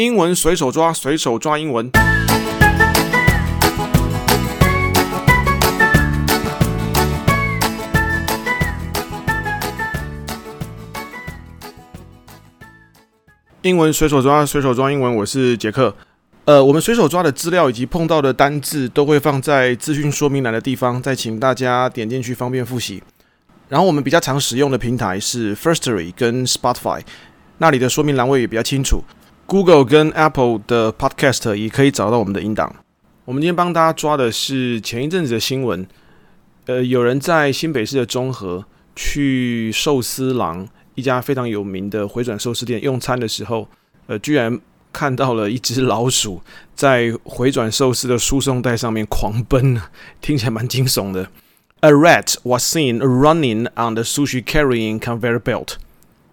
英文隨手抓，隨手抓英文。英文隨手抓，隨手抓英文。我是傑克。呃，我們隨手抓的資料以及碰到的單字都會放在資訊說明欄的地方，再請大家點進去，方便複習。然後我們比較常使用的平台是 Firstory 跟 Spotify，那裡的說明欄位也比較清楚。Google 跟 Apple 的 Podcast 也可以找到我們的音檔。我們今天幫大家抓的是前一陣子的新聞。呃，有人在新北市的中和去壽司郎一家非常有名的回轉壽司店用餐的時候，呃，居然看到了一隻老鼠在回轉壽司的輸送帶上面狂奔，聽起來蠻驚悚的。A rat was seen running on the sushi carrying conveyor belt.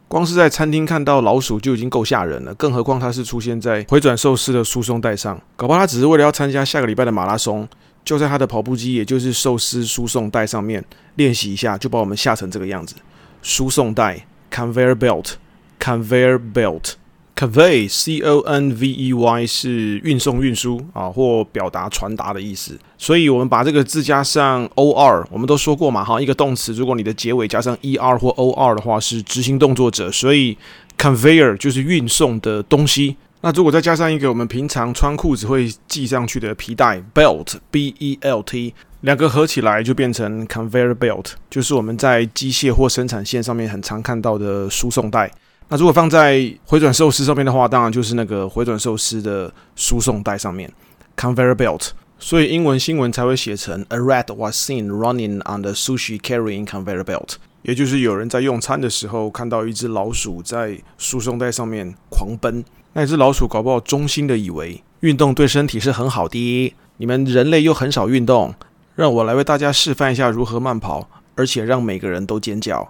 光是在餐廳看到老鼠就已經夠嚇人了，更何況它是出現在迴轉壽司的輸送帶上。搞不好它只是為了要參加下個禮拜的馬拉松，就在它的跑步機，也就是壽司輸送帶上面練習一下，就把我們嚇成這個樣子。輸送帶 （conveyor belt），conveyor belt。Convey，C-O-N-V-E-Y，是運送、運輸啊，或表達、傳達的意思。所以我們把這個字加上 O-R，我們都說過嘛，哈，一個動詞，如果你的結尾加上 E-R 或 O-R 的話，是執行動作者。所以 Conveyor 就是運送的東西。那如果再加上一個我們平常穿褲子會繫上去的皮帶，belt，B-E-L-T，兩個合起來就變成 Conveyor belt，就是我們在機械或生產線上面很常看到的輸送帶。那如果放在迴轉壽司上面的話，當然就是那個迴轉壽司的輸送帶上面 c o n v e r o r belt）。所以英文新聞才會寫成：A rat was seen running on the sushi carrying conveyor belt。也就是有人在用餐的時候看到一隻老鼠在輸送帶上面狂奔。那只老鼠搞不好衷心的以為運動對身體是很好的，你們人類又很少運動，讓我來為大家示範一下如何慢跑，而且讓每個人都尖叫。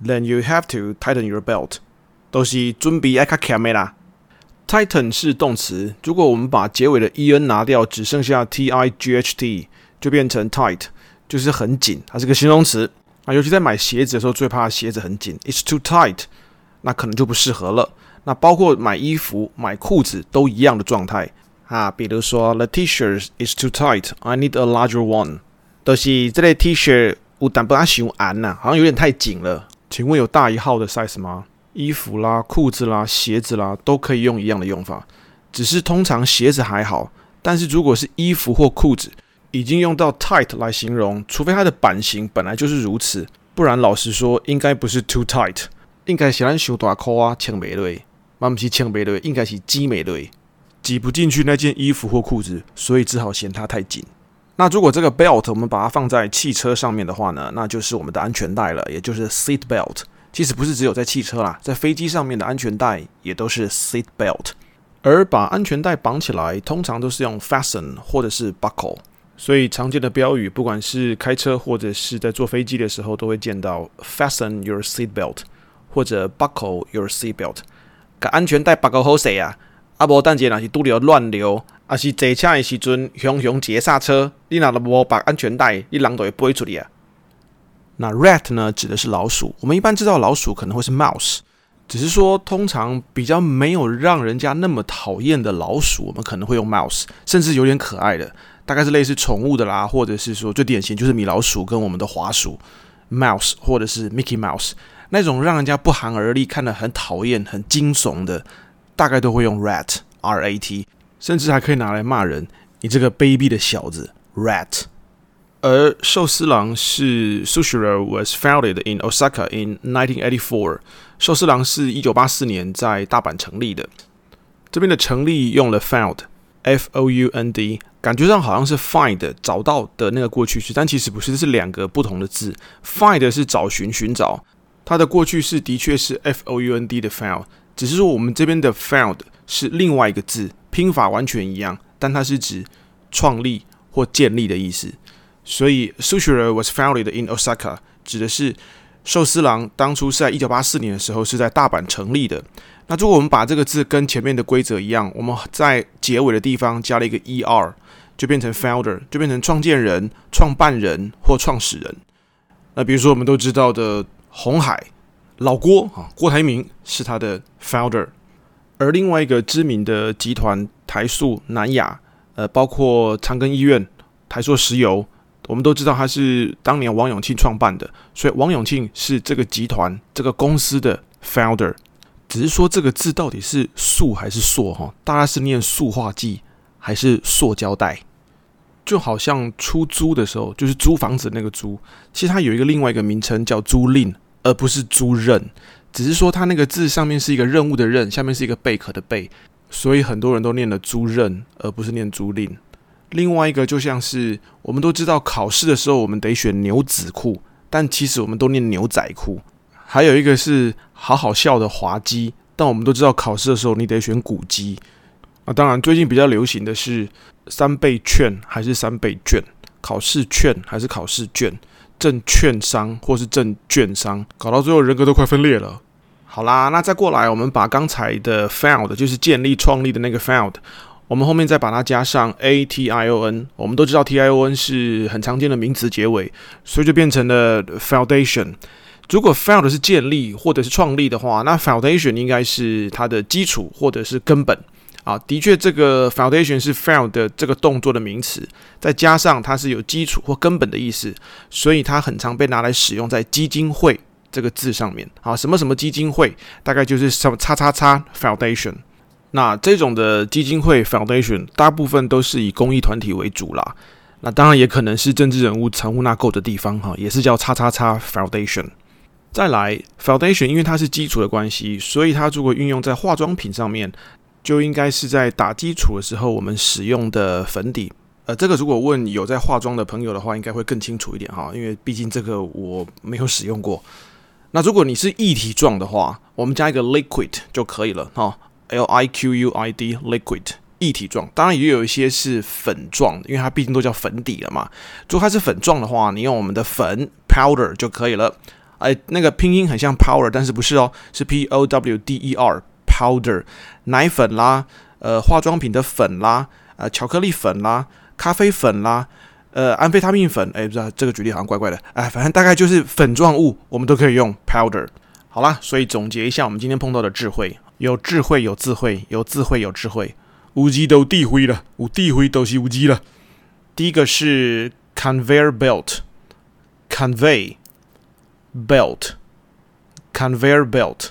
Then you have to tighten your belt。都是尊鼻愛卡卡梅啦。Tighten 是動詞，如果我們把結尾的 e n 拿掉，只剩下 t i g h t，就變成 tight，就是很緊，它是個形容詞啊。尤其在買鞋子的時候，最怕鞋子很緊，It's too tight，那可能就不適合了。那包括買衣服、買褲子都一樣的狀態啊。比如說，The T-shirt is too tight，I need a larger one。都是這類 T-shirt，我但不大喜歡。安啊，好像有點太緊了。請問有大一號的 size 嗎？衣服啦、褲子啦、鞋子啦，都可以用一樣的用法。只是通常鞋子還好，但是如果是衣服或褲子，已經用到 tight 來形容，除非它的版型本來就是如此，不然老實說，應該不是 too tight。應該嫌人小大褲啊，搶美腿，媽不是嗆美類，應該是擠美類，擠不進去，去那件衣服或褲子，所以只好嫌它太緊。那如果這個 belt 我們把它放在汽車上面的話呢，那就是我們的安全帶了，也就是 seat belt。其實不是只有在汽車啦，在飛機上面的安全帶也都是 seat belt。而把安全帶綁起來，通常都是用 fasten 或者是 buckle。所以常見的標語，不管是開車或者是在坐飛機的時候，都會見到 fasten your seat belt 或者 buckle your seat belt。安全帶 buckle 好誰呀！啊，無等下，若是拄著亂流，啊是坐車的時陣，熊熊急剎車，你若都無綁安全帶，你人就會飛出去啊。那 rat 呢，指的是老鼠。我們一般知道老鼠可能會是 mouse，只是說通常比較沒有讓人家那麼討厭的老鼠，我們可能會用 mouse，甚至有點可愛的，大概是類似寵物的啦，或者是說最典型就是米老鼠跟我們的滑鼠 mouse，或者是 Mickey Mouse 那種讓人家不寒而慄、看得很討厭、很驚悚的。大概都會用 rat，r a t，甚至還可以拿來罵人。你這個卑鄙的小子，rat。而壽司郎是 Sushiro was founded in Osaka in 1984。壽司郎是一九八四年在大阪成立的。這邊的成立用了 found，f o u n d，感覺上好像是 find 找到的那個過去式，但其實不是，這是兩個不同的字。find 是找尋、尋找，它的過去式的確是 f o u n d 的 found。只是說，我們這邊的 found 是另外一個字，拼法完全一樣，但它是指創立或建立的意思。所以 Sushiro was founded in Osaka，指的是壽司郎當初是在一九八四年的時候是在大阪成立的。那如果我們把這個字跟前面的規則一樣，我們在結尾的地方加了一個 er，就變成 founder，就變成創建人、創辦人或創始人。那比如說我們都知道的鴻海。老郭啊，郭台銘是他的 founder，而另外一個知名的集團台塑、南亞，呃，包括長庚醫院、台塑石油，我們都知道他是當年王永慶創辦的，所以王永慶是這個集團、這個公司的 founder。只是說這個字到底是“塑”還是“塑”哈？大家是念塑化劑還是塑膠袋？就好像出租的時候，就是租房子那個“租”，其實它有一個另外一個名稱叫租賃。而不是租任，只是說它那個字上面是一個任務的任，下面是一個貝殼的貝，所以很多人都念了租任，而不是念租賃。另外一個就像是我們都知道考試的時候我們得選牛子褲，但其實我們都念牛仔褲。還有一個是好好笑的滑稽，但我們都知道考試的時候你得選古雞啊，當然最近比較流行的是三倍券、還是三倍卷，考試券、還是考試卷。證券商或是證券商，搞到最後人格都快分裂了。好啦，那再過來，我們把剛才的 found 就是建立、創立的那個 found，我們後面再把它加上 a t i o n。我們都知道 t i o n 是很常見的名詞結尾，所以就變成了 foundation。如果 found 是建立或者是創立的話，那 foundation 應該是它的基礎或者是根本。啊，的確，這個 foundation 是 fail found 的這個動作的名詞，再加上它是有基礎或根本的意思，所以它很常被拿來使用在基金會這個字上面。啊，什麼什麼基金會，大概就是什麼叉叉叉 foundation。那這種的基金會 foundation 大部分都是以公益團體為主啦。那當然也可能是政治人物藏污納垢的地方哈，也是叫叉叉叉 foundation。再來 foundation，因為它是基礎的關係，所以它如果運用在化妝品上面。就應該是在打基礎的時候我們使用的粉底，呃，這個如果問有在化妝的朋友的話，應該會更清楚一點哈，因為畢竟這個我沒有使用過。那如果你是液體狀的話，我們加一個 liquid 就可以了哈，l i q u i d liquid 液體狀，當然也有一些是粉狀，因為它畢竟都叫粉底了嘛。如果它是粉狀的話，你用我們的粉 powder 就可以了，哎，那個拼音很像 power，但是不是哦，是 p o w d e r。powder，奶粉啦，呃，化妝品的粉啦，呃，巧克力粉啦，咖啡粉啦，呃，安非他命粉，哎，不知道這個舉例好像怪怪的，哎，反正大概就是粉狀物，我們都可以用 powder。好啦，所以總結一下，我們今天碰到的字彙，有智慧，有智慧，有智慧，有智慧，烏雞都地灰了，無地灰都是烏雞了。第一個是 conveyor belt，convey belt，conveyor belt Convey,。Belt,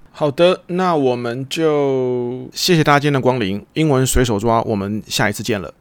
好的，那我們就謝謝大家今天的光臨。英文隨手抓，我們下一次見了。